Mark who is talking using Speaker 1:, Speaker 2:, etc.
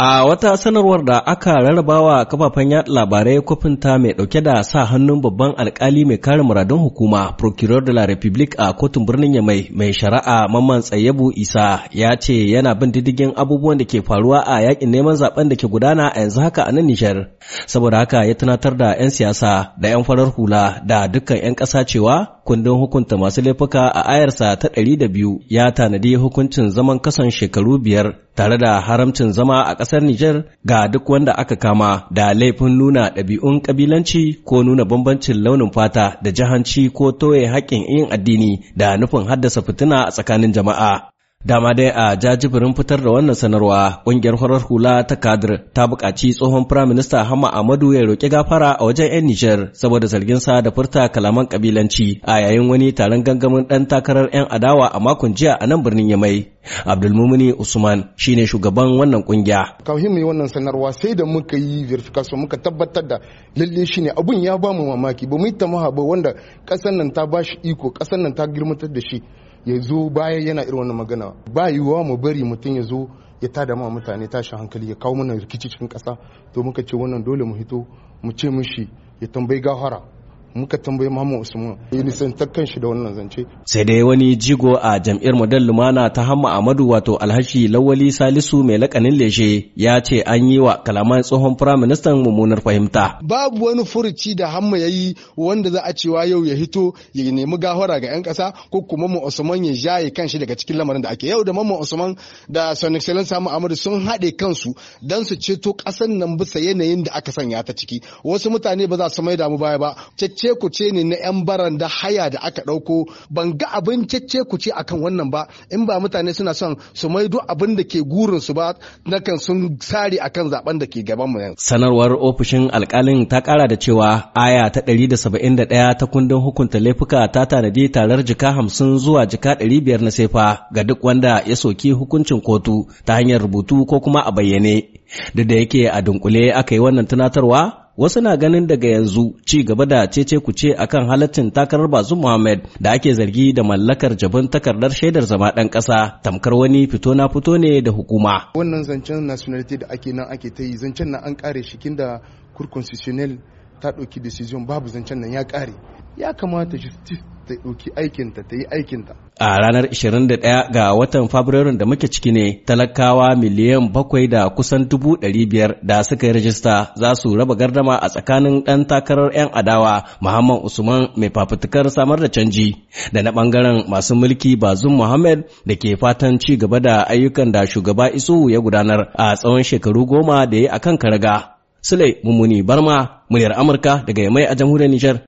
Speaker 1: A wata sanarwar da aka rarrabawa kafafen yaɗa labarai kwafinta mai ɗauke da sa hannun babban alkali mai kare muradun hukuma Procureur de la République a kotun birnin Yamai mai shari'a Mamman Tsayebu Isa ya ce yana bin diddigin abubuwan da ke faruwa a yaƙin neman zaben da ke gudana a yanzu haka a nan Nijar. saboda haka ya tunatar da 'yan siyasa da 'yan farar hula da dukkan 'yan ƙasa cewa kundin hukunta masu laifuka a ayarsa ta ɗari da biyu ya tanadi hukuncin zaman kasan shekaru biyar tare da haramcin zama a ƙasar Nijar ga duk wanda aka kama da laifin nuna ɗabi'un ƙabilanci ko nuna bambancin launin fata da jahanci ko toye haƙƙin yin addini da nufin haddasa fitina a tsakanin jama'a. Dama dai a jajibirin fitar da wannan sanarwa ƙungiyar horar hula ta kadir ta buƙaci tsohon firaminista Hama Amadu ya roƙi gafara a wajen 'yan Nijar saboda zargin sa da furta kalaman kabilanci a yayin wani taron gangamin ɗan takarar 'yan adawa a makon jiya a nan birnin Yamai. Abdulmumini Usman shi ne shugaban wannan ƙungiya.
Speaker 2: Kafin mu yi wannan sanarwa sai da muka yi verification muka tabbatar da lalle shi ne abun ya bamu mamaki ba mu yi tamaha ba wanda ƙasar nan ta bashi iko ƙasar nan ta girmatar da shi. ya zo baya yana irin wannan magana ba yiwuwa mu bari mutum ya zo ya tada ma mutane tashin hankali ya kawo mana rikici cikin ƙasa to muka ce wannan dole mu hito mu ce mishi ya tambayi gahara muka tambayi Muhammad Usman ya nisan takkan shi da wannan zance.
Speaker 1: Sai dai wani jigo a jam'iyyar Model Lumana ta Hamma Amadu wato Alhashi Lawali Salisu mai lakanin leshe ya ce an yi wa kalaman tsohon firaministan mummunar fahimta.
Speaker 3: Babu wani furuci da Hamma ya yi wanda za a cewa yau ya hito ya nemi gahora ga 'yan kasa ko kuma Muhammad Usman ya jaye kanshi daga cikin lamarin da ake yau da Muhammad Usman da Son Excellence Hamma Amadu sun haɗe kansu don su ceto ƙasar nan bisa yanayin da aka sanya ta ciki. Wasu mutane ba za su mai damu baya ba. cece kuce ne na 'yan baran da haya da aka ɗauko ban ga abin cece kuce akan wannan ba in ba mutane suna son su maido abin da ke gurin su ba nakan sun sare akan zaben da ke gaban mu
Speaker 1: sanarwar ofishin alkalin ta kara da cewa aya ta 171 ta kundin hukunta laifuka ta tanadi tarar jika 50 zuwa jika 500 na sefa ga duk wanda ya soki hukuncin kotu ta hanyar rubutu ko kuma a bayyane duk da yake a dunkule aka yi wannan tunatarwa wasu na ganin daga yanzu ci gaba da cece ce akan halaccin takarar bazu Muhammad da ake zargi da mallakar jabin takardar shaidar zama ɗan ƙasa tamkar wani fito na fito ne da hukuma.
Speaker 2: Wannan zancen nationality da ake nan ake ta yi zancen nan an kare shi kinda cour constitutionnel ta ɗauki decision babu zancen nan ya kare. Ya kamata justice ta ɗauki aikinta ta yi aikinta.
Speaker 1: A ranar 21 ga watan Fabrairun da muke ciki ne talakawa miliyan bakwai da kusan dubu ɗari biyar da suka yi rajista za su raba gardama a tsakanin ɗan takarar 'yan adawa Muhammad Usman mai fafutukar samar da canji da na ɓangaren masu mulki Bazum Muhammad da ke fatan ci gaba da ayyukan da shugaba isu ya gudanar a tsawon shekaru goma da ya yi akan karaga. Sule Mummuni Barma, muryar Amurka daga Yamai a
Speaker 3: jamhuriyar Nijar.